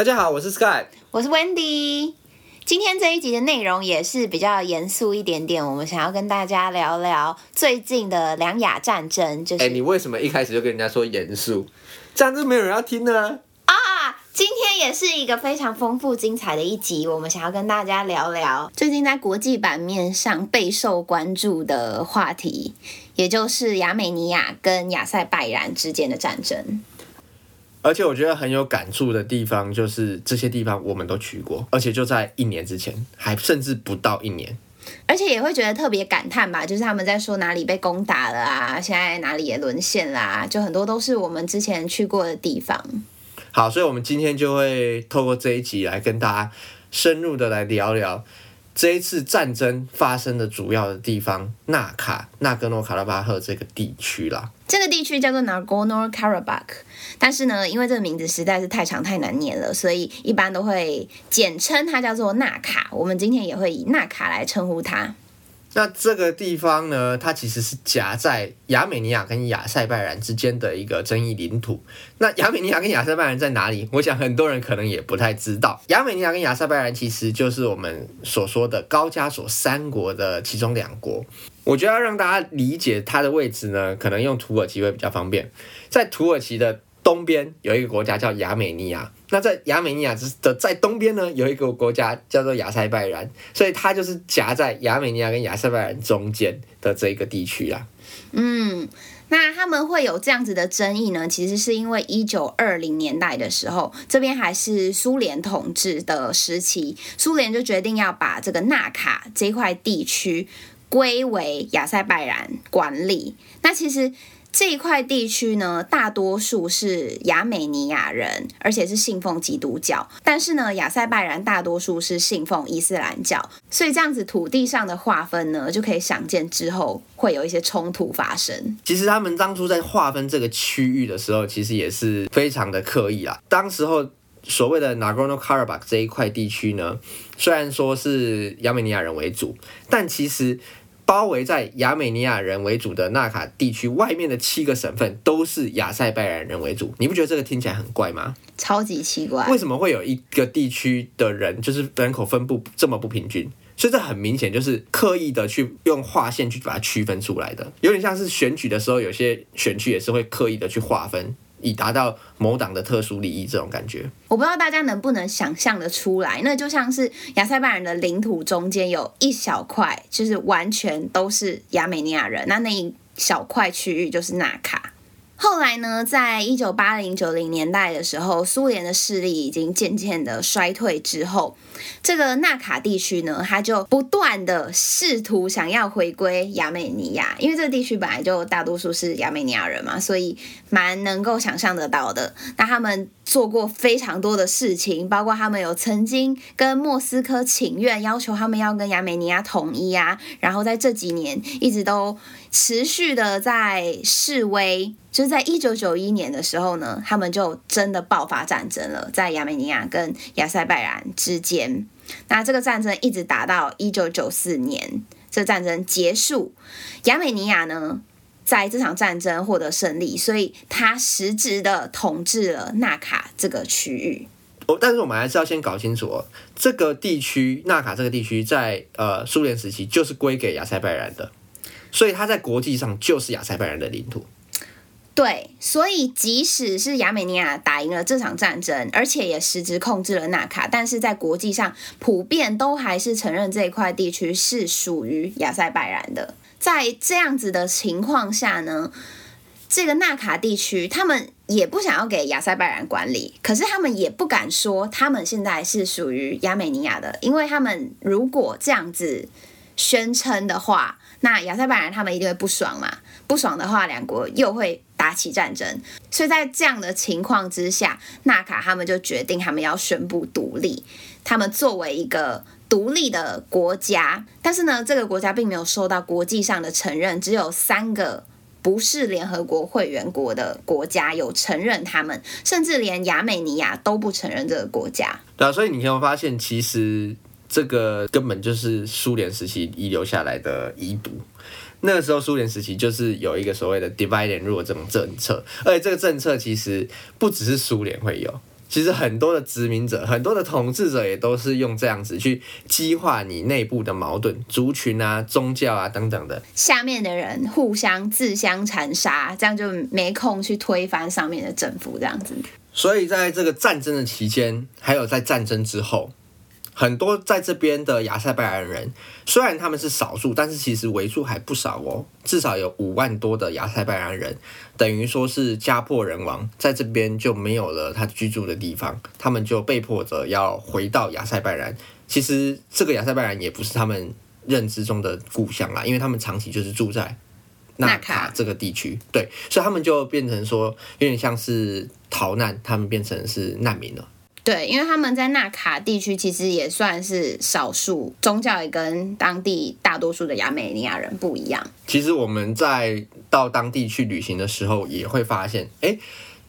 大家好，我是 Sky。我是 Wendy。今天這一集的內容也是比較嚴肅一點點，我們想要跟大家聊聊最近的兩亞戰爭。就是，哎、欸，你為什麼一開始就跟人家說嚴肅？這樣就沒有人要聽啦。啊，今天也是一個非常豐富精彩的一集，我們想要跟大家聊聊最近在國際版面上備受關注的話題，也就是亞美尼亞跟亞塞拜然之間的戰爭。而且我覺得很有感觸的地方，就是這些地方我們都去過，而且就在一年之前，還甚至不到一年。而且也會覺得特別感嘆吧，就是他們在說哪裡被攻打了啊，現在哪裡也淪陷啦啊，就很多都是我們之前去過的地方。好，所以我們今天就會透過這一集來跟大家深入的來聊聊。這一次戰爭發生的主要的地方，納卡，納格諾卡拉巴赫這個地區啦。這個地區叫做 Nagorno-Karabakh，但是呢，因為這個名字實在是太長太難唸了，所以一般都會簡稱它叫做納卡。我們今天也會以納卡來稱呼它。那這個地方呢，它其實是夾在亞美尼亞跟亞塞拜然之間的一個爭議領土。那亞美尼亞跟亞塞拜然在哪裡？我想很多人可能也不太知道。亞美尼亞跟亞塞拜然其實就是我們所說的高加索三國的其中兩國。我覺得要讓大家理解它的位置呢，可能用土耳其會比較方便。在土耳其的東邊有一個國家叫亞美尼亞。那在亞美尼亞之的在東邊呢，有一個國家叫做亞塞拜然，所以它就是夾在亞美尼亞跟亞塞拜然中間的這一個地區啊。嗯，那他們會有這樣子的爭議呢，其實是因為一九二零年代的時候，這邊還是蘇聯統治的時期，蘇聯就決定要把這個納卡這塊地區歸為亞塞拜然管理。那其實，這一塊地區呢，大多數是亞美尼亞人，而且是信奉基督教。但是呢，亞塞拜然大多數是信奉伊斯蘭教，所以這樣子土地上的劃分呢，就可以想見之後會有一些衝突發生。其實他們當初在劃分這個區域的時候，其實也是非常的刻意啦。當時候所謂的 Nagorno-Karabakh 這一塊地區呢，雖然說是亞美尼亞人為主，但其實……包圍在亞美尼亞人為主的納卡地區外面的七個省份都是亞塞拜然人為主，你不覺得這個聽起來很怪嗎？超級奇怪！為什麼會有一個地區的人就是人口分布這麼不平均？所以這很明顯就是刻意的去用劃線去把它區分出來的，有點像是選舉的時候，有些選區也是會刻意的去劃分。以達到某黨的特殊利益，這種感覺，我不知道大家能不能想象得出來。那就像是亞塞拜然的領土中間有一小塊，就是完全都是亞美尼亞人。那那一小塊區域就是納卡。後來呢，在一九八零九零年代的時候，蘇聯的勢力已經漸漸的衰退之後，這個納卡地區呢，他就不斷的試圖想要回歸亞美尼亞，因為這個地區本來就大多數是亞美尼亞人嘛，所以。蠻能夠想象得到的。那他們做過非常多的事情，包括他們有曾經跟莫斯科請願，要求他們要跟亞美尼亞統一呀、啊。然後在這幾年一直都持續的在示威。就是在一九九一年的時候呢，他們就真的爆發戰爭了，在亞美尼亞跟亞塞拜然之間。那這個戰爭一直打到一九九四年，這戰爭結束，亞美尼亞呢，在這場戰爭獲得勝利，所以他實質的統治了納卡這個區域。哦，但是我們還是要先搞清楚，這個地區納卡這個地區在呃蘇聯時期就是歸給亞塞拜然的，所以它在國際上就是亞塞拜然的領土。對，所以即使是亞美尼亞打贏了這場戰爭，而且也實質控制了納卡，但是在國際上普遍都還是承認這一塊地區是屬於亞塞拜然的。在這樣子的情況下呢，這個納卡地區，他們也不想要給亞塞拜然管理，可是他們也不敢說他們現在是屬於亞美尼亞的，因為他們如果這樣子宣稱的話，那亞塞拜然他們一定會不爽嘛，不爽的話，兩國又會打起戰爭。所以在這樣的情況之下，納卡他們就決定他們要宣布獨立，他們作為一個。獨立的國家，但是呢，這個國家並沒有受到國際上的承認，只有三個不是聯合國會員國的國家有承認他們，甚至連亞美尼亞都不承認這個國家。對啊，所以你有沒有發現，其實這個根本就是蘇聯時期遺留下來的遺毒。那時候蘇聯時期就是有一個所謂的 “divide and rule” 這種政策，而且這個政策其實不只是蘇聯會有。其實很多的殖民者，很多的統治者也都是用這樣子去激化你內部的矛盾，族群啊、宗教啊等等的，下面的人互相自相殘殺，這樣就沒空去推翻上面的政府這樣子。所以在這個戰爭的期間，還有在戰爭之後。很多在這邊的亞塞拜然人，雖然他們是少數，但是其實為數還不少哦，至少有五萬多的亞塞拜然人，等於說是家破人亡，在這邊就沒有了他居住的地方，他們就被迫着要回到亞塞拜然。其實這個亞塞拜然也不是他們認知中的故鄉啦，因為他們長期就是住在納卡這個地區，對，所以他們就變成說有點像是逃難，他們變成是難民了。對，因為他們在納卡地區，其實也算是少數宗教，也跟當地大多數的亞美尼亞人不一樣。其實我們在到當地去旅行的時候，也會發現，誒，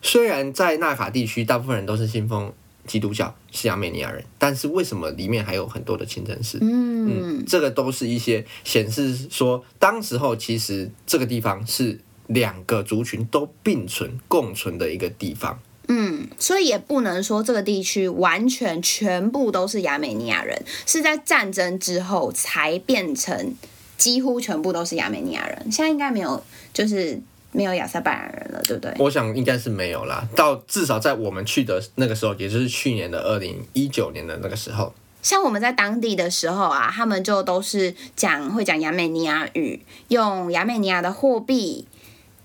雖然在納卡地區，大部分人都是信奉基督教，是亞美尼亞人，但是為什麼裡面還有很多的清真寺？嗯嗯，這個都是一些顯示說，當時候其實這個地方是兩個族群都並存共存的一個地方。嗯，所以也不能說這個地區完全全部都是亞美尼亞人，是在戰爭之後才變成幾乎全部都是亞美尼亞人。現在應該沒有，就是沒有亞塞拜然人了，對不對？我想應該是沒有啦。到至少在我們去的那個時候，也就是去年的二零一九年的那個時候，像我們在當地的時候啊，他們就都是講會講亞美尼亞語，用亞美尼亞的貨幣，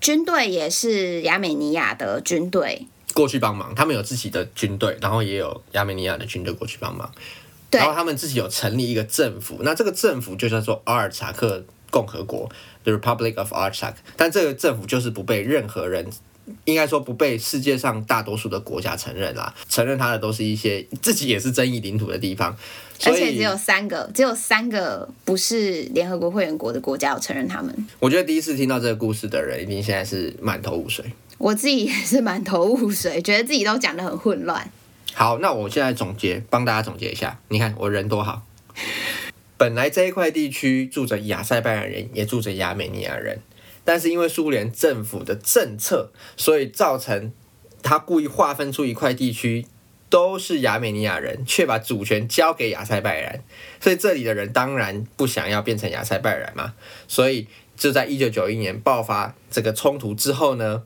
軍隊也是亞美尼亞的軍隊過去幫忙，他們有自己的軍隊，然後也有亞美尼亞的軍隊過去幫忙。對。然後他們自己有成立一個政府，那這個政府就是說阿爾察克共和國 （the Republic of a r t s a k 但這個政府就是不被任何人，應該說不被世界上大多數的國家承認啦。承認他的都是一些自己也是爭議領土的地方，而且只有三個，只有三個不是聯合國會員國的國家承認他們。我覺得第一次聽到這個故事的人，一定現在是滿頭霧水。我自己也是滿頭霧水，覺得自己都講得很混亂。好，那我現在總結，幫大家總結一下。你看我人多好。 本來這一塊地區住着亞塞拜然人，也住着亞美尼亞人，但是因為蘇聯政府的政策，所以造成他故意劃分出一塊地區都是亞美尼亞人，卻把主權交給亞塞拜然。所以這裡的人當然不想要變成亞塞拜然嘛。所以就在一九九一年爆發這個衝突之後呢，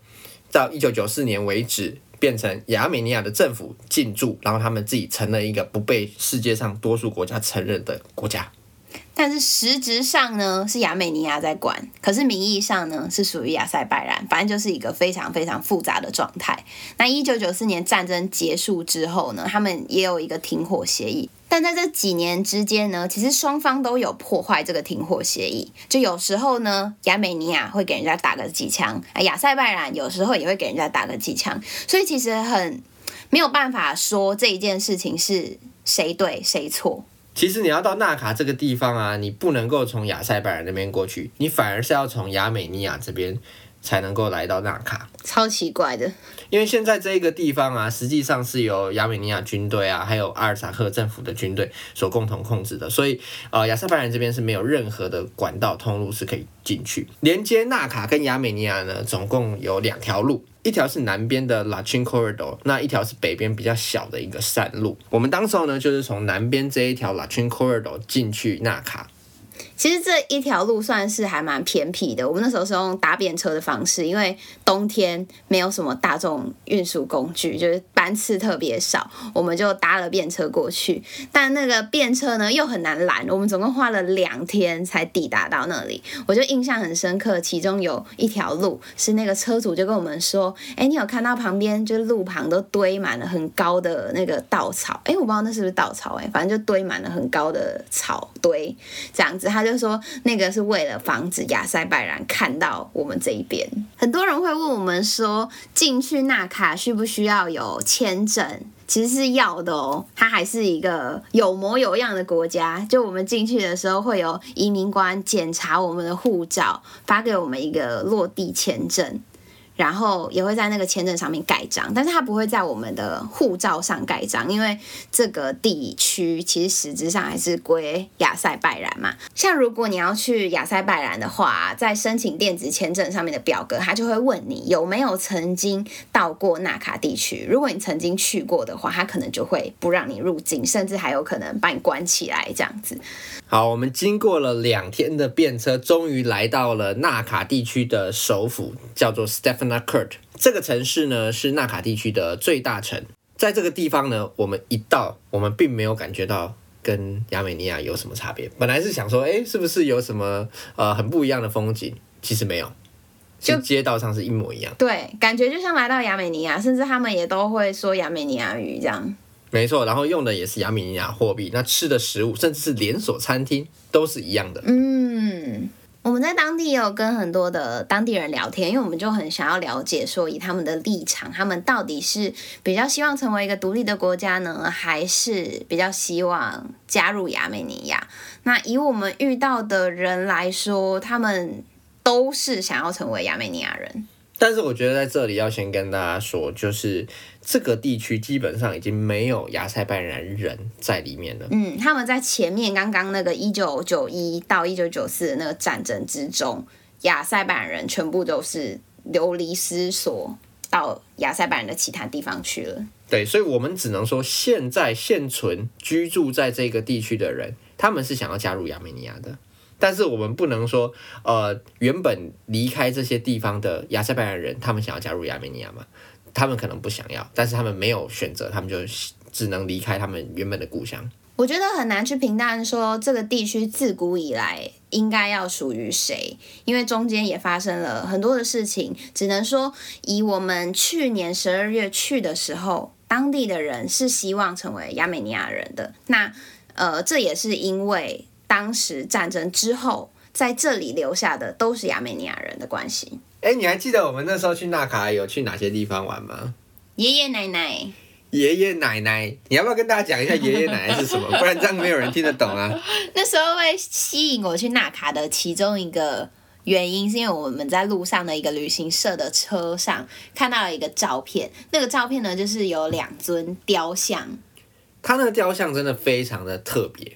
到一九九四年為止，變成亞美尼亞的政府進駐，然後他們自己成了一個不被世界上多數國家承認的國家。但是實質上呢，是亞美尼亞在管，可是名義上呢，是屬於亞塞拜然，反正就是一個非常非常複雜的狀態。那一九九四年戰爭結束之後呢，他們也有一個停火協議，但在這幾年之間呢，其實雙方都有破壞這個停火協議。就有時候呢，亞美尼亞會給人家打個幾槍，亞塞拜然有時候也會給人家打個幾槍，所以其實很沒有辦法說這一件事情是誰對誰錯。其實你要到納卡這個地方啊，你不能夠從亞塞拜然那邊過去，你反而是要從亞美尼亞這邊。才能夠來到納卡，超奇怪的。因為現在這個地方啊，實際上是由亞美尼亞軍隊啊，還有阿爾薩赫政府的軍隊所共同控制的，所以呃，亞塞拜然這邊是沒有任何的管道通路是可以進去連接納卡跟亞美尼亞呢。總共有兩條路，一條是南邊的 Lachin Corridor，那一條是北邊比較小的一個山路。我們當時候呢，就是從南邊這一條 Lachin Corridor 進去納卡。其實這一條路算是還蠻偏僻的。我們那時候是用搭便車的方式，因為冬天沒有什麼大眾運輸工具，就是班次特別少，我們就搭了便車過去。但那個便車呢又很難攔，我們總共花了兩天才抵達到那裡。我就印象很深刻，其中有一條路是那個車主就跟我們說：“哎、欸，你有看到旁邊就是、路旁都堆滿了很高的那個稻草？”哎、欸，我不知道那是不是稻草、欸，誒，反正就堆滿了很高的草堆這樣子，他就。就是說那個是為了防止亞塞拜然看到我們這一邊。很多人會問我們說，進去納卡需不需要有簽證？其實是要的哦，它還是一個有模有樣的國家。就我們進去的時候，會有移民官檢查我們的護照，發給我們一個落地簽證。然後也會在那個簽證上面蓋章，但是他不會在我們的護照上蓋章，因為這個地區其實實質上還是歸亞塞拜然嘛。像如果你要去亞塞拜然的話，在申請電子簽證上面的表格，他就會問你有沒有曾經到過納卡地區。如果你曾經去過的話，他可能就會不讓你入境，甚至還有可能把你關起來這樣子。好，我們經過了兩天的便車，終於來到了納卡地區的首府，叫做 Stepanakert。那 Kurt，這個城市呢，是納卡地區的最大城。在這個地方呢，我們一到，我們並沒有感覺到跟亞美尼亞有什麼差別。本來是想說，誒、欸，是不是有什麼呃很不一樣的風景？其實沒有，就街道上是一模一樣。對，感覺就像來到亞美尼亞，甚至他們也都會說亞美尼亞語，這樣沒錯。然後用的也是亞美尼亞貨幣，那吃的食物，甚至是連鎖餐廳，都是一樣的。嗯。我們在當地也有跟很多的當地人聊天，因為我們就很想要了解，說以他們的立場，他們到底是比較希望成為一個獨立的國家呢，還是比較希望加入亞美尼亞？那以我們遇到的人來說，他們都是想要成為亞美尼亞人。但是我覺得在這裡要先跟大家說，就是。這個地區基本上已經沒有亞塞拜然人在裡面了。嗯，他們在前面剛剛那個一九九一到一九九四那個戰爭之中，亞塞拜然人全部都是流離失所，到亞塞拜然的其他地方去了。對，所以我們只能說，現在現存居住在這個地區的人，他們是想要加入亞美尼亞的。但是我們不能說，呃，原本離開這些地方的亞塞拜然人，他們想要加入亞美尼亞嘛。他們可能不想要，但是他們沒有選擇，他們就只能離開他們原本的故鄉。我覺得很難去評判說這個地區自古以來應該要屬於誰，因為中間也發生了很多的事情。只能說，以我們去年十二月去的時候，當地的人是希望成為亞美尼亞人的。那呃，這也是因為當時戰爭之後在這裡留下的都是亞美尼亞人的關係。哎、欸，你還記得我們那時候去納卡有去哪些地方玩嗎？爺爺奶奶，爺爺奶奶，你要不要跟大家講一下爺爺奶奶是什麼？ 不然這樣沒有人聽得懂啊。那時候會吸引我去納卡的其中一個原因，是因為我們在路上的一個旅行社的車上看到了一個照片。那個照片呢，就是有兩尊雕像。它那個雕像真的非常的特別。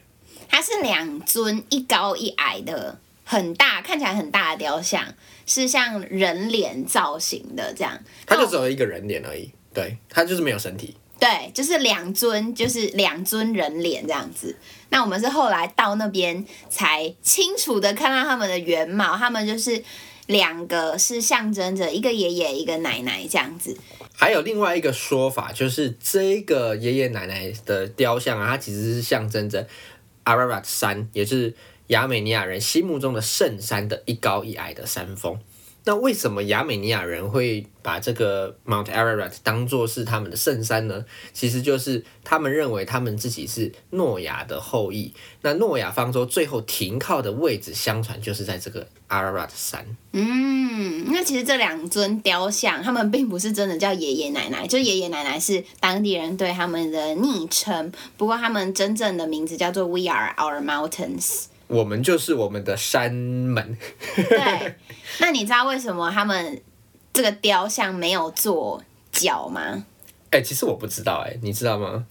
它是兩尊一高一矮的很大，看起來很大的雕像。是像人臉造型的這樣，它就只有一個人臉而已，對，它就是沒有身體，對，就是兩尊，就是兩尊人臉這樣子。嗯，那我們是後來到那邊才清楚地看到他們的原貌，他們就是兩個是象徵着一個爺爺一個奶奶這樣子。還有另外一個說法，就是這個爺爺奶奶的雕像啊，它其實是象徵着阿拉拉特山，也就是。亞美尼亞人心目中的聖山的一高一矮的山峰，那為什麼亞美尼亞人會把這個 Mount Ararat 當作是他們的聖山呢？其實就是他們認為他們自己是諾亞的後裔，那諾亞方舟最後停靠的位置，相傳就是在這個 Ararat 山。嗯，那其實這兩尊雕像，他們並不是真的叫爺爺奶奶，就是爺爺奶奶是當地人對他們的昵稱，不過他們真正的名字叫做 We Are Our Mountains。我們就是我們的山門。 對，那你知道為什麼他們這個雕像沒有做腳嗎？哎、欸，其實我不知道，欸，哎，你知道嗎？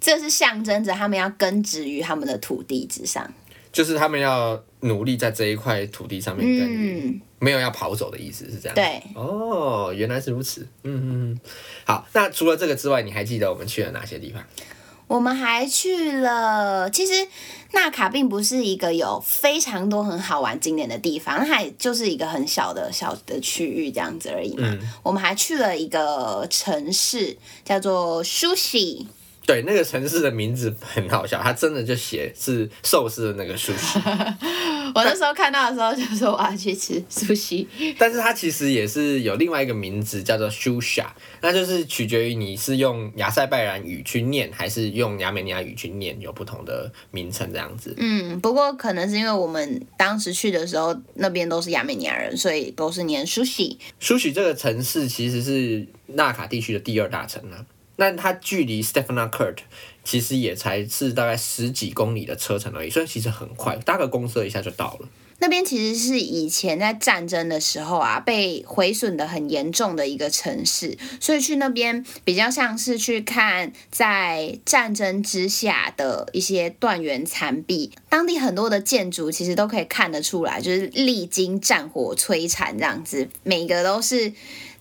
這是象徵着他們要根植於他們的土地之上，就是他們要努力在這一塊土地上面耕、嗯、沒有要跑走的意思，是這樣。對，哦，原來是如此。嗯嗯，好，那除了這個之外，你還記得我們去了哪些地方？我們還去了，其實納卡並不是一個有非常多很好玩景點的地方，它就是一個很小的小的區域這樣子而已嘛、嗯。我們還去了一個城市，叫做 Sushi。對那個城市的名字很好笑，它真的就寫是壽司的那個蘇西 我那時候看到的時候就說我要去吃蘇西。 但是它其實也是有另外一個名字叫做 Shusha，那就是取決於你是用亞塞拜然語去念還是用亞美尼亞語去念，有不同的名稱這樣子。嗯，不過可能是因為我們當時去的時候那邊都是亞美尼亞人，所以都是念蘇西。蘇西這個城市其實是納卡地區的第二大城啊。那它距離 Stepanakert 其實也才是大概十幾公里的車程而已，所以其實很快，搭個公車一下就到了。那邊其實是以前在戰爭的時候啊，被毀損的很嚴重的一個城市，所以去那邊比較像是去看在戰爭之下的一些斷垣殘壁，當地很多的建築其實都可以看得出來，就是歷經戰火摧殘這樣子，每一個都是。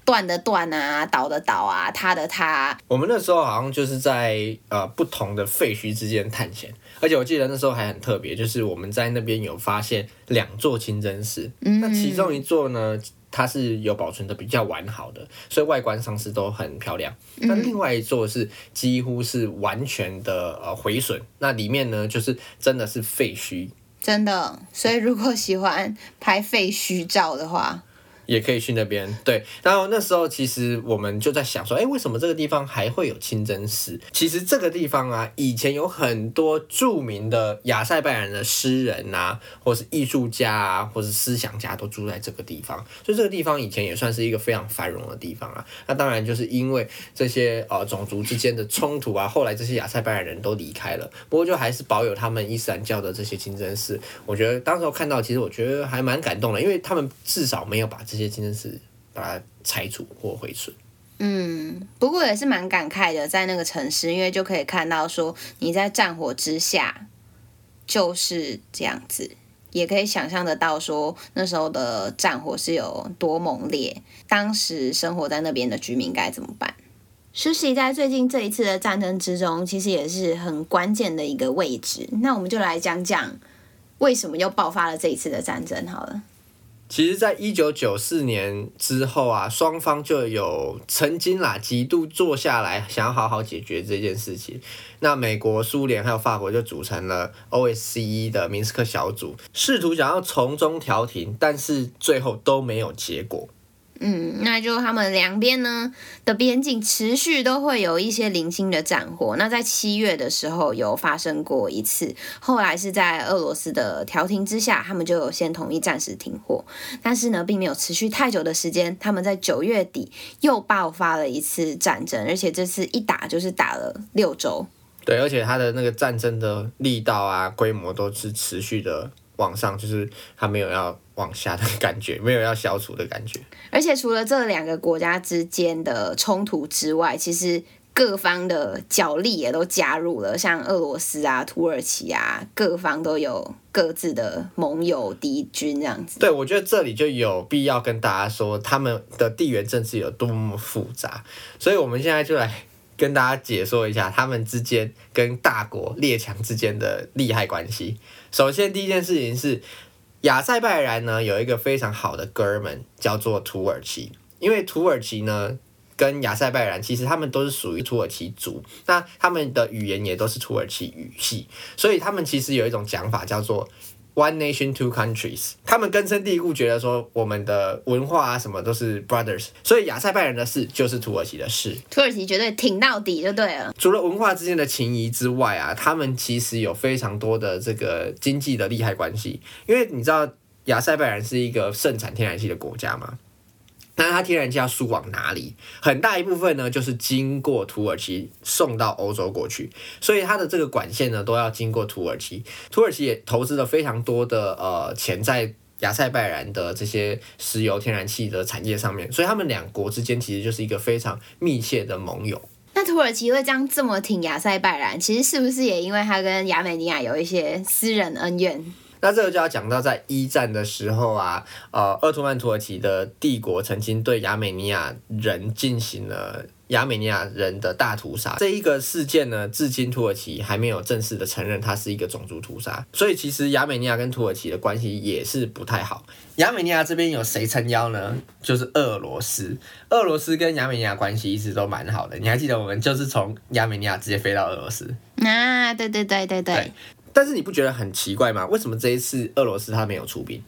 斷的斷啊，倒的倒啊，塌的塌啊。我們那時候好像就是在呃不同的廢墟之間探險，而且我記得那時候還很特別，就是我們在那邊有發現兩座清真寺。嗯嗯，那其中一座呢，它是有保存的比較完好的，所以外觀上是都很漂亮。那另外一座是幾乎是完全的呃毀損，那裡面呢就是真的是廢墟，真的。所以如果喜歡拍廢墟照的話。 也可以去那邊，對。然後那時候其實我們就在想說，哎、欸，為什麼這個地方還會有清真寺？其實這個地方啊，以前有很多著名的亞塞拜然的詩人吶、啊，或是藝術家啊，或是思想家都住在這個地方，所以這個地方以前也算是一個非常繁榮的地方啊。那當然就是因為這些呃種族之間的衝突啊，後來這些亞塞拜然人都離開了，不過就還是保有他們伊斯蘭教的這些清真寺。我覺得當時候看到，其實我覺得還蠻感動的，因為他們至少沒有把自這些今天是把它拆除或毀損。嗯，不過也是蠻感慨的，在那個城市，因為就可以看到說你在戰火之下就是這樣子，也可以想象得到說那時候的戰火是有多猛烈。當時生活在那邊的居民該怎麼辦？蘇西在最近這一次的戰爭之中，其實也是很關鍵的一個位置。那我們就來講講為什麼又爆發了這一次的戰爭好了。其實，在一九九四年之後啊，雙方就有曾經啦，幾度坐下來，想要好好解決這件事情。那美國、蘇聯還有法國就組成了 OSCE 的明斯克小組，試圖想要從中調停，但是最後都沒有結果。嗯，那就他們兩邊呢的邊境持續都會有一些零星的戰火。那在七月的時候有發生過一次，後來是在俄羅斯的調停之下，他們就有先同意暫時停火。但是呢，並沒有持續太久的時間。他們在九月底又爆發了一次戰爭，而且這次一打就是打了六週。對，而且他的那個戰爭的力道啊，規模都是持續的。往上，就是他沒有要往下的感覺，沒有要消除的感覺。而且除了這兩個國家之間的衝突之外，其實各方的角力也都加入了，像俄羅斯啊、土耳其啊，各方都有各自的盟友敵軍這樣子。對，我覺得這裡就有必要跟大家說，他們的地緣政治有多麼複雜。所以，我們現在就來跟大家解說一下他們之間跟大國列強之間的利害關係。首先，第一件事情是，亞塞拜然呢，有一個非常好的哥們叫做土耳其，因為土耳其呢，跟亞塞拜然其實他們都是屬於土耳其族，那他們的語言也都是土耳其語系，所以他們其實有一種講法叫做。One nation, two countries。他們根深蒂固覺得說，我們的文化啊什麼都是 brothers，所以亞塞拜然的事就是土耳其的事。土耳其絕對挺到底就對了。除了文化之間的情誼之外啊，他們其實有非常多的這個經濟的利害關係。因為你知道亞塞拜然是一個盛產天然氣的國家嗎？那它天然氣要輸往哪裡？很大一部分呢，就是經過土耳其送到歐洲過去，所以它的這個管線呢，都要經過土耳其。土耳其也投資了非常多的呃錢在亞塞拜然的這些石油天然氣的產業上面，所以他們兩國之間其實就是一個非常密切的盟友。那土耳其會這樣這麼挺亞塞拜然，其實是不是也因為它跟亞美尼亞有一些私人恩怨？那這個就要講到，在一戰的時候啊，呃，鄂圖曼土耳其的帝國曾經對亞美尼亞人進行了亞美尼亞人的大屠殺。這一個事件呢，至今土耳其還沒有正式的承認它是一個種族屠殺。所以，其實亞美尼亞跟土耳其的關係也是不太好。亞美尼亞這邊有誰撐腰呢？就是俄羅斯。俄羅斯跟亞美尼亞關係一直都蠻好的。你還記得我們就是從亞美尼亞直接飛到俄羅斯？啊，對對對對對。哎但是你不覺得很奇怪嗎？為什麼這一次俄羅斯他沒有出兵？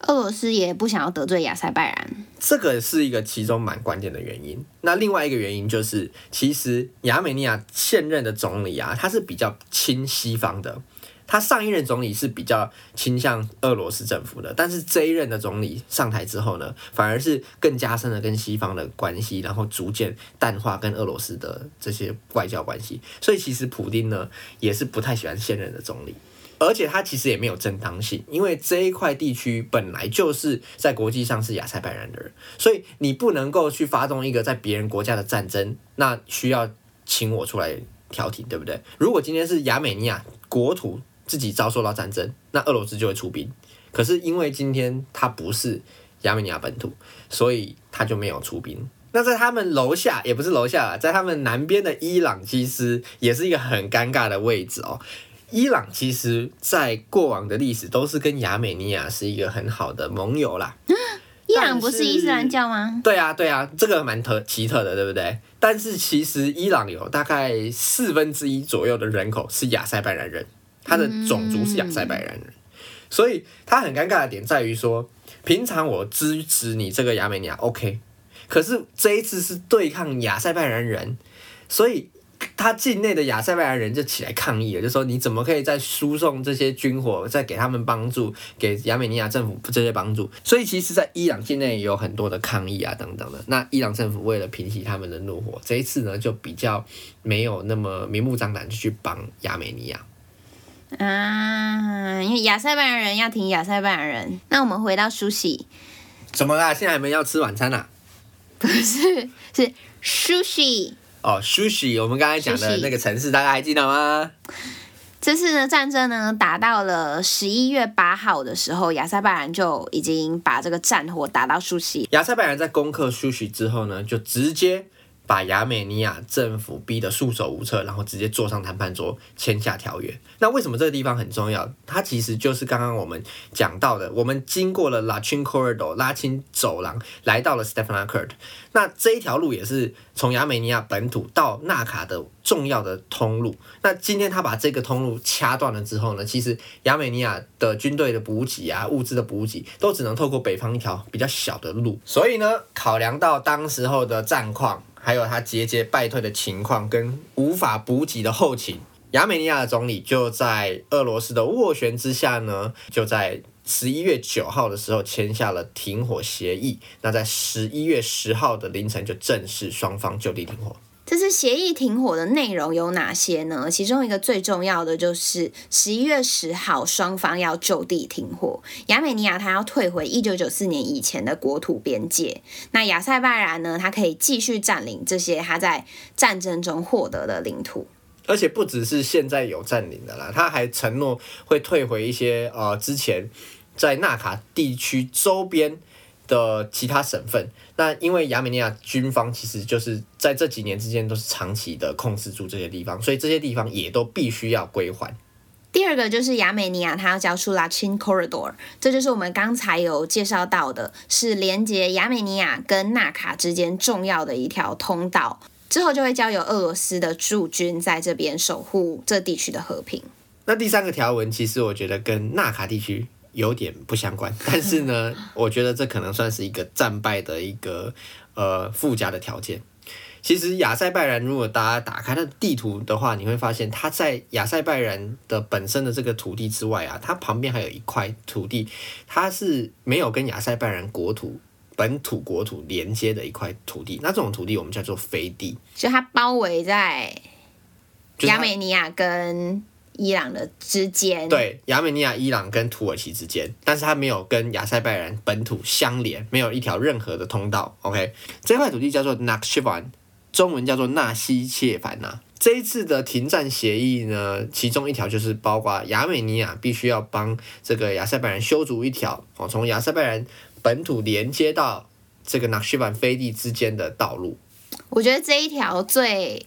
俄羅斯也不想要得罪亞塞拜然，這個是一個其中蠻關鍵的原因。那另外一個原因就是，其實亞美尼亞現任的總理啊，他是比較親西方的。他上一任總理是比較傾向俄羅斯政府的，但是這一任的總理上臺之後呢，反而是更加深了跟西方的關係，然後逐漸淡化跟俄羅斯的這些外交關係。所以其實普丁呢也是不太喜歡現任的總理，而且他其實也沒有正當性，因為這一塊地區本來就是在國際上是亞塞拜然的，所以你不能夠去發動一個在別人國家的戰爭，那需要請我出來調停，對不對？如果今天是亞美尼亞國土，自己遭受到戰爭，那俄羅斯就會出兵。可是因為今天它不是亞美尼亞本土，所以它就沒有出兵。那在他們樓下也不是樓下啦，在他們南邊的伊朗其實也是一個很尷尬的位置哦。伊朗其實在過往的歷史都是跟亞美尼亞是一個很好的盟友啦。伊朗不是伊斯蘭教嗎？對啊，對啊，這個蠻特奇特的，對不對？但是其實伊朗有大概四分之一左右的人口是亞塞拜然人。他的種族是亞塞拜然人，所以他很尷尬的點在於說，平常我支持你這個亞美尼亞，OK，可是這一次是對抗亞塞拜然人，所以他境內的亞塞拜然人就起來抗議了，就說你怎麼可以再輸送這些軍火，再給他們幫助，給亞美尼亞政府這些幫助？所以其實，在伊朗境內也有很多的抗議啊等等的。那伊朗政府為了平息他們的怒火，這一次呢就比較沒有那麼明目張膽的去幫亞美尼亞。嗯，因為亞塞拜然人要停亞塞拜然人，那我們回到舒西，怎麼啦？現在還沒要吃晚餐呢？啊？不是，是舒西。哦，舒西，我們剛才講的那個城市 Shushi，大家還記得嗎？這次的戰爭呢，打到了十一月八號的時候，亞塞拜然人就已經把這個戰火打到舒西。亞塞拜然人在攻克舒西之後呢，就直接。把亞美尼亞政府逼得束手無策，然後直接坐上談判桌簽下條約。那為什麼這個地方很重要？它其實就是剛剛我們講到的，我們經過了 Lachin Corridor，拉清走廊來到了斯捷潘納克特。那這一條路也是從亞美尼亞本土到納卡的重要的通路。那今天他把這個通路掐斷了之後呢，其實亞美尼亞的軍隊的補給啊，物資的補給都只能透過北方一條比較小的路。所以呢，考量到當時候的戰況。還有他節節敗退的情況跟無法補給的後勤，亞美尼亞的總理就在俄羅斯的斡旋之下呢，就在十一月九號的時候簽下了停火協議。那在十一月十號的凌晨就正式雙方就地停火。這次協議停火的內容有哪些呢？其中一個最重要的就是十一月十號雙方要就地停火。亞美尼亞他要退回一九九四年以前的國土邊界，那亞塞拜然呢，他可以繼續佔領這些他在戰爭中獲得的領土。而且不只是現在有佔領的啦，他還承諾會退回一些呃之前在納卡地區周邊。的其他省份，那因為亞美尼亞軍方其實就是在這幾年之間都是長期的控制住這些地方，所以這些地方也都必須要歸還。第二個就是亞美尼亞，它要交出拉欽 Corridor，這就是我們剛才有介紹到的，是連接亞美尼亞跟納卡之間重要的一條通道。之後就會交由俄羅斯的駐軍在這邊守護這地區的和平。那第三個條文，其實我覺得跟納卡地區。有點不相關，但是呢，我覺得這可能算是一個戰敗的一個呃，附加的條件。其實亞塞拜然，如果大家打開它的地圖的話，你會發現它在亞塞拜然的本身的這個土地之外啊，它旁邊還有一塊土地，它是沒有跟亞塞拜然國土本土國土連接的一塊土地。那這種土地我們叫做飛地，就它包圍在亞美尼亞跟。伊朗的之間，對，亞美尼亞、伊朗跟土耳其之間，但是它沒有跟亞塞拜然本土相連，沒有一條任何的通道。OK，這塊土地叫做 Nakhchivan 中文叫做納西切凡吶啊。這一次的停戰協議呢，其中一條就是包括亞美尼亞必須要幫這個亞塞拜然修築一條哦，從亞塞拜然本土連接到這個 Nakhchivan 飛地之間的道路。我覺得這一條最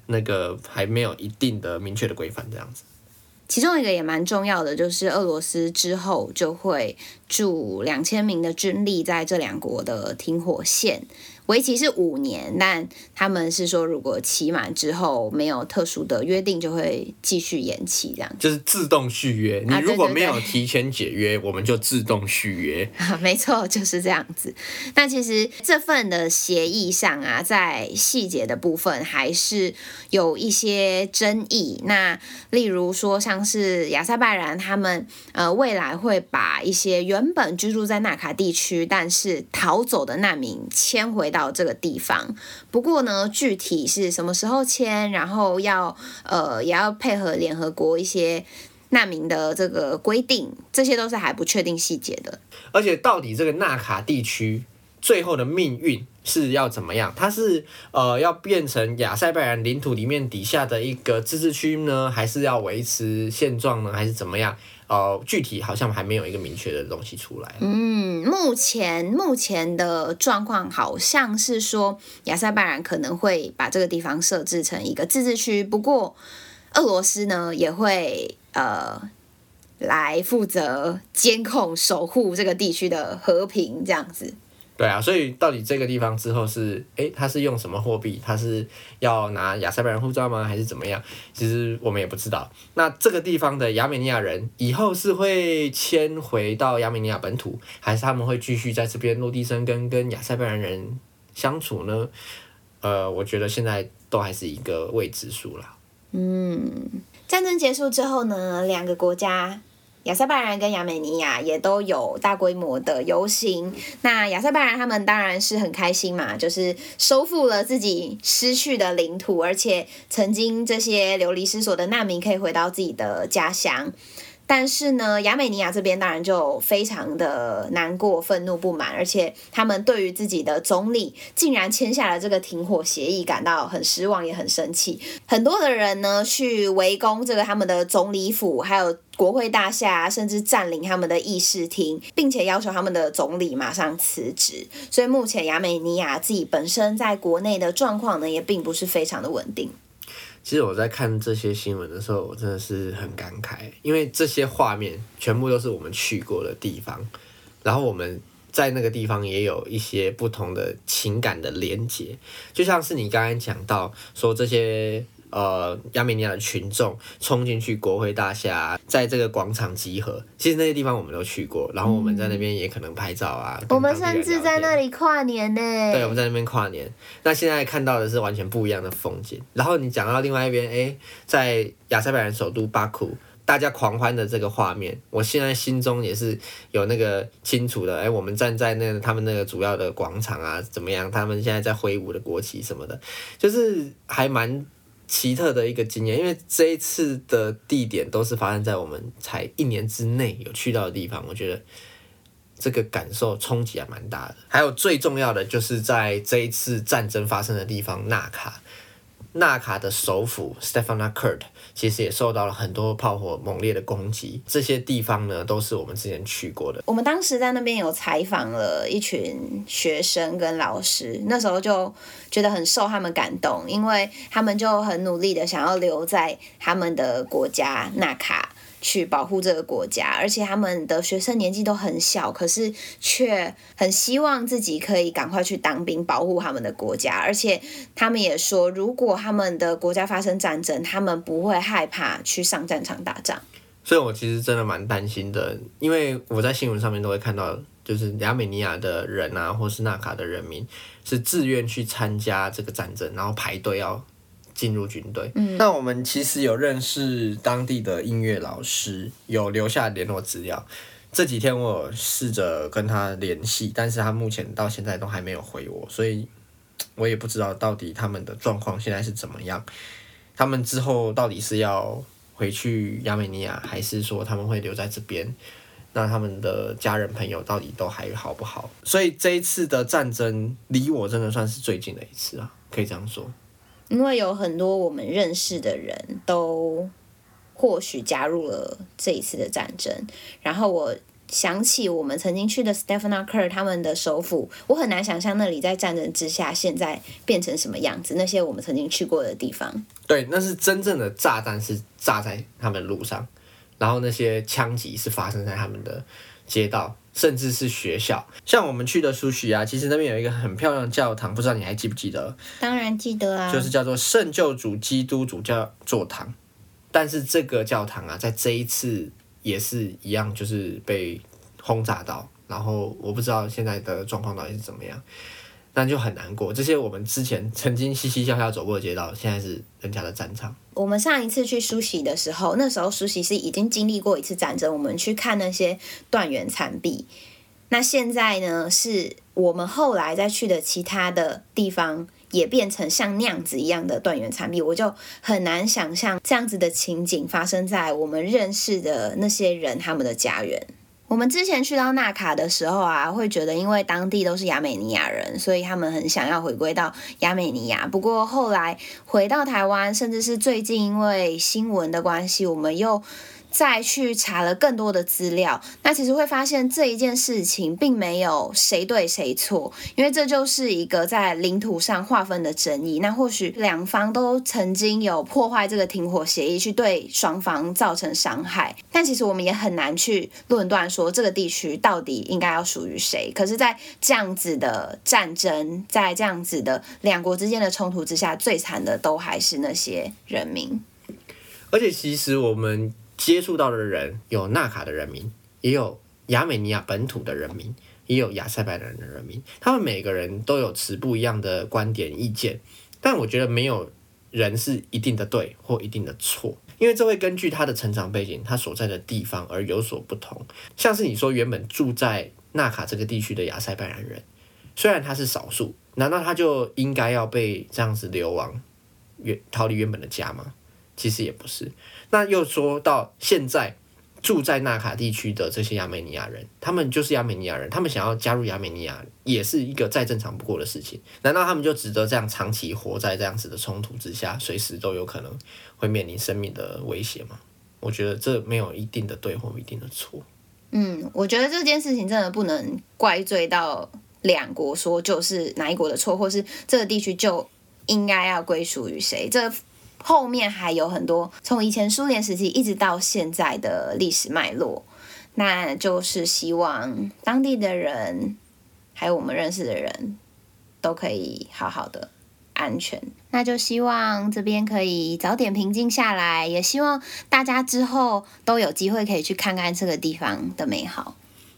那個還沒有一定的明確的規範，這樣子。其中一個也蠻重要的，就是俄羅斯之後就會駐兩千名的軍力在這兩國的停火線。為期是五年，但他們是說，如果期滿之後沒有特殊的約定，就會繼續延期，這樣子就是自動續約、啊。你如果沒有提前解約，啊、對對對我們就自動續約。啊、沒錯，就是這樣子。那其實這份的協議上啊，在細節的部分還是有一些爭議。那例如說，像是亞塞拜然他們呃，未來會把一些原本居住在納卡地區但是逃走的難民遷回到。到這個地方，不過呢，具體是什麼時候簽，然後要呃，也要配合聯合國一些難民的這個規定，這些都是還不確定細節的。而且，到底這個納卡地區最後的命運是要怎麼樣？它是呃，要變成亞塞拜然領土裡面底下的一個自治區呢，還是要維持現狀呢，還是怎麼樣？呃、哦，具體好像還沒有一個明確的東西出來。嗯，目前目前的狀況好像是說，亞塞拜然可能會把這個地方設置成一個自治區，不過俄羅斯呢也會呃來負責監控、守護這個地區的和平這樣子。對啊，所以到底這個地方之後是，誒，他是用什麼貨幣？他是要拿亞塞拜然護照嗎？還是怎麼樣？其實我們也不知道。那這個地方的亞美尼亞人以後是會遷回到亞美尼亞本土，還是他們會繼續在這邊落地生根，跟亞塞拜然人相處呢？呃，我覺得現在都還是一個未知數啦。嗯，戰爭結束之後呢，兩個國家。亞塞拜然跟亞美尼亞也都有大規模的遊行，那亞塞拜然他們當然是很開心嘛，就是收復了自己失去的領土，而且曾經這些流離失所的難民可以回到自己的家鄉。但是呢，亞美尼亞這邊當然就非常的難過、憤怒、不滿，而且他們對於自己的總理竟然簽下了這個停火協議，感到很失望，也很生氣。很多的人呢，去圍攻這個他們的總理府，還有國會大廈，甚至占領他們的議事廳，並且要求他們的總理馬上辭職。所以目前亞美尼亞自己本身在國內的狀況呢，也並不是非常的穩定。其實我在看這些新聞的時候，我真的是很感慨，因為這些畫面全部都是我們去過的地方，然後我們在那個地方也有一些不同的情感的連結，就像是你剛剛講到說這些。呃，亞美尼亞的群眾衝進去國會大廈啊，在這個廣場集合。其實那些地方我們都去過，然後我們在那邊也可能拍照啊，嗯。我們甚至在那裡跨年呢。對，我們在那邊跨年。那現在看到的是完全不一樣的風景。然後你講到另外一邊，欸，在亞塞拜然首都巴庫，大家狂歡的這個畫面，我現在心中也是有那個清楚的。欸，我們站在那個，他們那個主要的廣場啊，怎麼樣？他們現在在揮舞的國旗什麼的，就是還蠻。奇特的一個經驗，因為這一次的地點都是發生在我們才一年之內有去到的地方，我覺得這個感受衝擊還蠻大的。還有最重要的就是在這一次戰爭發生的地方——納卡。納卡的首府 Stepanakert 其實也受到了很多炮火猛烈的攻擊，這些地方呢，都是我們之前去過的。我們當時在那邊有採訪了一群學生跟老師，那時候就覺得很受他們感動，因為他們就很努力的想要留在他們的國家納卡。去保護這個國家，而且他們的學生年紀都很小，可是卻很希望自己可以趕快去當兵保護他們的國家，而且他們也說，如果他們的國家發生戰爭，他們不會害怕去上戰場打仗。所以，我其實真的蠻擔心的，因為我在新聞上面都會看到，就是亞美尼亞的人啊，或是納卡的人民，是自願去參加這個戰爭，然後排隊要啊。進入軍隊，嗯，那我們其實有認識當地的音樂老師，有留下聯絡資料。這幾天我試着跟他聯繫，但是他目前到現在都還沒有回我，所以我也不知道到底他們的狀況現在是怎麼樣。他們之後到底是要回去亞美尼亞，還是說他們會留在這邊？那他們的家人朋友到底都還好不好？所以這一次的戰爭離我真的算是最近的一次啊，可以這樣說。因為有很多我們認識的人都或許加入了這一次的戰爭，然後我想起我們曾經去的 Stepanakert 他們的首府，我很難想象那裡在戰爭之下現在變成什麼樣子。那些我們曾經去過的地方，對，那是真正的炸彈是炸在他們的路上，然後那些槍擊是發生在他們的街道，甚至是學校，像我們去的蘇許啊，其實那邊有一個很漂亮的教堂，不知道你還記不記得？當然記得啊，就是叫做聖救主基督主教座堂，但是這個教堂啊，在這一次也是一樣，就是被轟炸到，然後我不知道現在的狀況到底是怎麼樣。但就很難過。這些我們之前曾經嘻嘻笑笑走過的街道，現在是人家的戰場。我們上一次去梳洗的時候，那時候梳洗是已經經歷過一次戰爭。我們去看那些斷垣殘壁，那現在呢，是我們後來再去的其他的地方，也變成像那樣子一樣的斷垣殘壁。我就很難想象這樣子的情景發生在我們認識的那些人他們的家園。我們之前去到納卡的時候啊，會覺得因為當地都是亞美尼亞人，所以他們很想要回歸到亞美尼亞。不過後來回到台灣，甚至是最近因為新聞的關係，我們又再去查了更多的資料，那其實會發現這一件事情並沒有誰對誰錯，因為這就是一個在領土上劃分的爭議。那或許兩方都曾經有破壞這個停火協議，去對雙方造成傷害，但其實我們也很難去論斷說這個地區到底應該要屬於誰。可是，在這樣子的戰爭，在這樣子的兩國之間的衝突之下，最慘的都還是那些人民。而且，其實我們。接觸到的人有納卡的人民，也有亞美尼亞本土的人民，也有亞塞拜然的人民。他們每個人都有持不一樣的觀點意見，但我覺得沒有人是一定的對或一定的錯，因為這會根據他的成長背景、他所在的地方而有所不同。像是你說原本住在納卡這個地區的亞塞拜然人，雖然他是少數，難道他就應該要被這樣子流亡、遠逃離原本的家嗎？其實也不是。那又說到現在，住在納卡地區的這些亞美尼亞人，他們就是亞美尼亞人，他們想要加入亞美尼亞也是一個再正常不過的事情。難道他們就值得這樣長期活在這樣子的衝突之下，隨時都有可能會面臨生命的威脅嗎？我覺得這沒有一定的對或一定的錯。嗯，我覺得這件事情真的不能怪罪到兩國，說就是哪一國的錯，或是這個地區就應該要歸屬於誰。這個後面還有很多從以前蘇聯時期一直到現在的歷史脈絡，那就是希望當地的人還有我們認識的人都可以好好的安全。那就希望這邊可以早點平靜下來，也希望大家之後都有機會可以去看看這個地方的美好。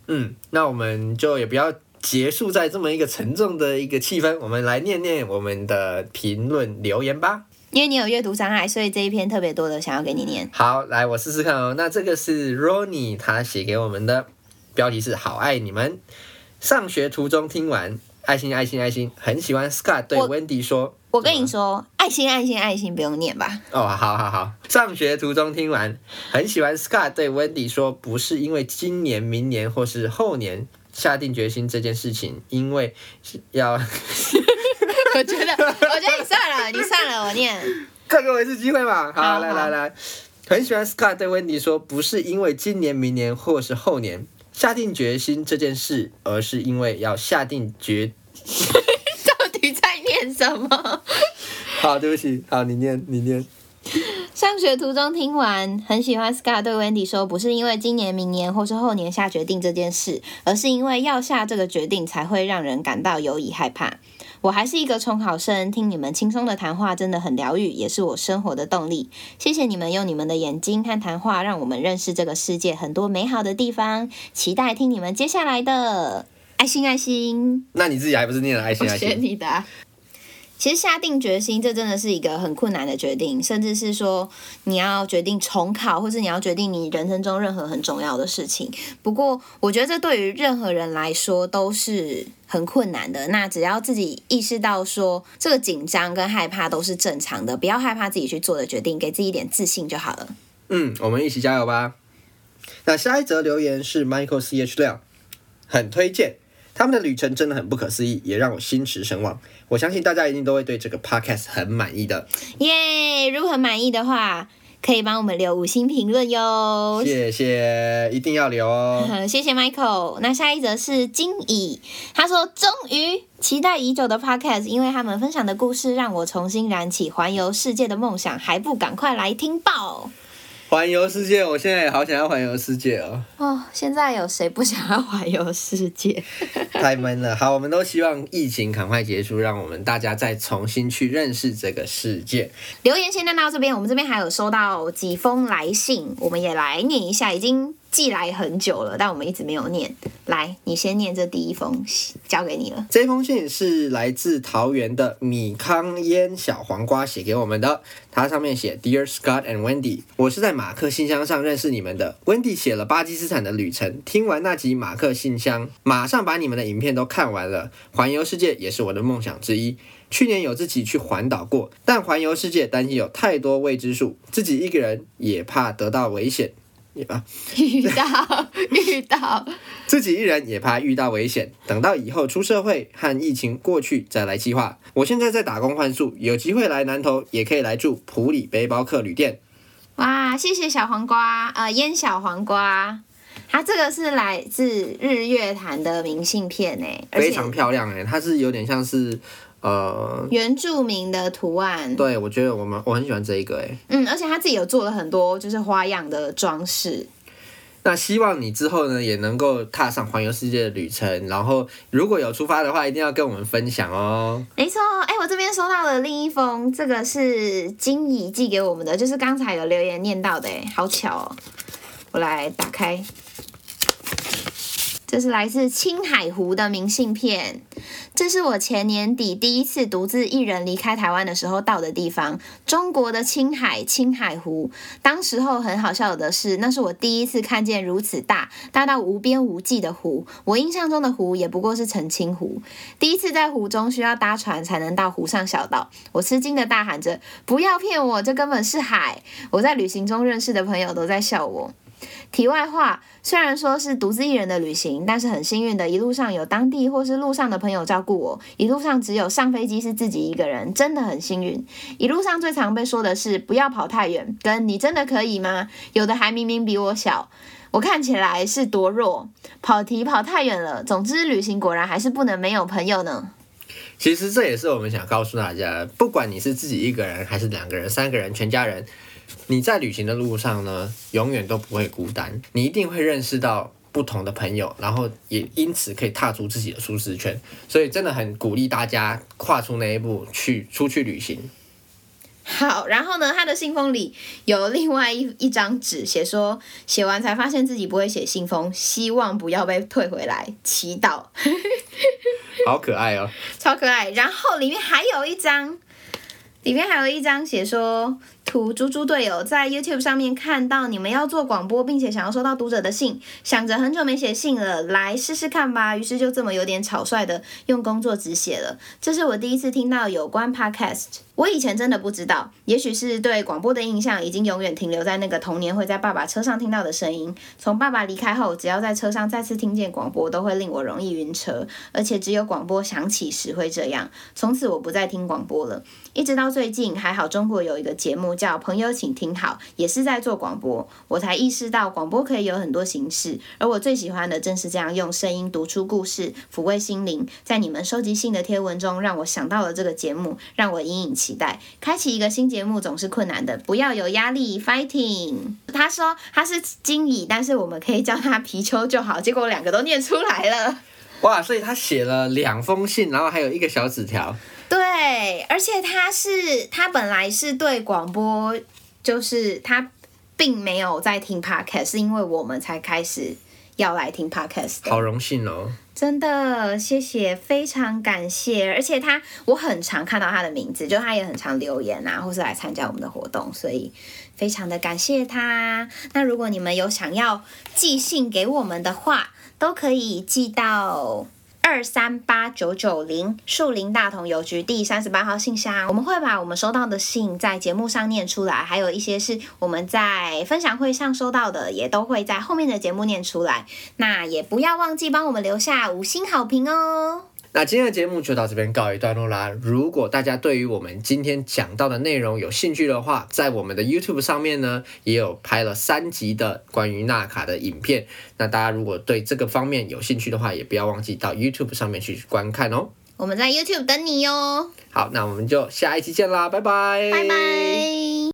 嗯，那我們就也不要結束在這麼一個沉重的一個氣氛，我們來念念我們的評論留言吧。因為你有閱讀障礙，所以這一篇特別多的想要給你念。好，來我試試看哦。那這個是 Ronnie 他寫給我們的，標題是“好愛你們”。上學途中聽完，愛心愛心愛心，很喜歡 Scott 對 Wendy 說。我，我跟你說，愛心愛心愛心，不用念吧？哦，好好好。上學途中聽完，很喜歡 Scott 對 Wendy 說，不是因為今年、明年或是後年下定決心這件事情，因為要。 我覺得，我覺得你算了，你算了，我念。再給我一次機會吧。好，來好來來，很喜歡。Scott 對 Wendy 說：“不是因為今年、明年或是後年下定決心這件事，而是因為要下定決。 ”到底在念什麼？好，對不起。好，你念，你念。上學途中聽完，很喜歡 Scott 對 Wendy 說，不是因為今年、明年或是後年下決定這件事，而是因為要下這個決定才會讓人感到猶疑害怕。我還是一個重考生，聽你們輕鬆的談話真的很療癒，也是我生活的動力。謝謝你們用你們的眼睛和談話，讓我們認識這個世界很多美好的地方。期待聽你們接下來的愛心愛心。那你自己還不是念了愛心愛心？學你的啊。其實下定決心，這真的是一個很困難的決定，甚至是說你要決定重考，或是你要決定你人生中任何很重要的事情。不過，我覺得這對於任何人來說都是很困難的。那只要自己意識到說這個緊張跟害怕都是正常的，不要害怕自己去做的決定，給自己一點自信就好了。嗯，我們一起加油吧。那下一則留言是 Michael C H 廖，很推薦。他們的旅程真的很不可思議，也讓我心馳神往。我相信大家一定都會對這個 podcast 很滿意的。耶、yeah！如果很滿意的話，可以幫我們留五星評論喲。謝謝，一定要留哦。呵呵謝謝 Michael。那下一則是金怡，他說：“終於期待已久的 podcast，因為他們分享的故事讓我重新燃起環遊世界的夢想，還不趕快來聽爆。”環遊世界，我現在也好想要環遊世界哦。哦，現在有誰不想要環遊世界？ 太悶了。好，我們都希望疫情趕快結束，讓我們大家再重新去認識這個世界。留言先念到這邊，我們這邊還有收到幾封來信，我們也來念一下已經。寄來很久了，但我們一直沒有念。來，你先念這第一封信，交給你了。這封信是來自桃園的米糠煙小黃瓜寫給我們的。它上面寫：Dear Scott and Wendy，我是在馬克信箱上認識你們的。Wendy 寫了巴基斯坦的旅程，聽完那集馬克信箱，馬上把你們的影片都看完了。環遊世界也是我的夢想之一。去年有自己去環島過，但環遊世界擔心有太多未知數，自己一個人也怕得到危險。也、yeah. 啊， 遇到遇到 自己一人也怕遇到危險，等到以後出社會和疫情過去再來計劃。我現在在打工換宿，有機會來南投也可以來住埔里背包客旅店。哇，謝謝小黃瓜，呃，醃小黃瓜，它這個是來自日月潭的明信片呢、欸，非常漂亮誒、欸，它是有點像是。呃，原住民的圖案，對，我覺得我們我很喜歡這一個哎，嗯，而且他自己有做了很多就是花樣的裝飾，那希望你之後呢也能夠踏上環遊世界的旅程，然後如果有出發的話一定要跟我們分享哦。沒錯，哎、欸，我這邊收到了另一封，這個是金怡寄給我們的，就是剛才有留言念到的，哎，好巧哦，我來打開。這是來自青海湖的明信片，這是我前年底第一次獨自一人離開台灣的時候到的地方，中國的青海青海湖。當時候很好笑的是，那是我第一次看見如此大大到無邊無際的湖，我印象中的湖也不過是澄清湖。第一次在湖中需要搭船才能到湖上小島，我吃驚的大喊着：“不要騙我，這根本是海！”我在旅行中認識的朋友都在笑我。題外話，雖然說是獨自一人的旅行，但是很幸運的一路上有當地或是路上的朋友照顧我。一路上只有上飛機是自己一個人，真的很幸運。一路上最常被說的是不要跑太遠，跟你真的可以嗎？有的還明明比我小，我看起來是多弱。跑題跑太遠了，總之旅行果然還是不能沒有朋友呢。其實這也是我們想告訴大家，不管你是自己一個人，還是兩個人、三個人、全家人。你在旅行的路上呢，永遠都不會孤單。你一定會認識到不同的朋友，然後也因此可以踏出自己的舒適圈。所以真的很鼓勵大家跨出那一步去出去旅行。好，然後呢，他的信封裡有另外一一張紙，寫說寫完才發現自己不會寫信封，希望不要被退回來，祈禱。 好可愛哦，喔，超可愛。然後裡面還有一張，裡面還有一張寫說。圖豬豬隊友在 YouTube 上面看到你們要做廣播，並且想要收到讀者的信，想着很久沒寫信了，來試試看吧。於是就這麼有點草率的用工作紙寫了。這是我第一次聽到有關 Podcast，我以前真的不知道。也許是對廣播的印象已經永遠停留在那個童年會在爸爸車上聽到的聲音。從爸爸離開後，只要在車上再次聽見廣播，都會令我容易暈車，而且只有廣播響起時會這樣。從此我不再聽廣播了，一直到最近，還好中國有一個節目，叫《朋友，請聽好》，也是在做廣播，我才意識到廣播可以有很多形式，而我最喜歡的正是這樣用聲音讀出故事，撫慰心靈。在你們收集信的貼文中，讓我想到了這個節目，讓我隱隱期待。開啟一個新節目總是困難的，不要有壓力，fighting。他說他是金蟻，但是我們可以叫他貔貅就好。結果兩個都念出來了，哇！所以他寫了兩封信，然後還有一個小紙條。對，而且他是他本來是對廣播，就是他並沒有在聽 Podcast，是因為我們才開始要來聽 Podcast。好榮幸哦！真的，謝謝，非常感謝。而且他，我很常看到他的名字，就他也很常留言啊，或是來參加我們的活動，所以非常的感謝他。那如果你們有想要寄信給我們的話，都可以寄到。二三八九九零樹林大同郵局第三十八號信箱，我們會把我們收到的信在節目上念出來，還有一些是我們在分享會上收到的，也都會在後面的節目念出來。那也不要忘記幫我們留下五星好評哦。那今天的節目就到這邊告一段落啦。如果大家對於我們今天講到的內容有興趣的話，在我們的 YouTube 上面呢，也有拍了三集的關於納卡的影片。那大家如果對這個方面有興趣的話，也不要忘記到 YouTube 上面去觀看哦、喔。我們在 YouTube 等你喲。好，那我們就下一期見啦，拜拜。拜拜。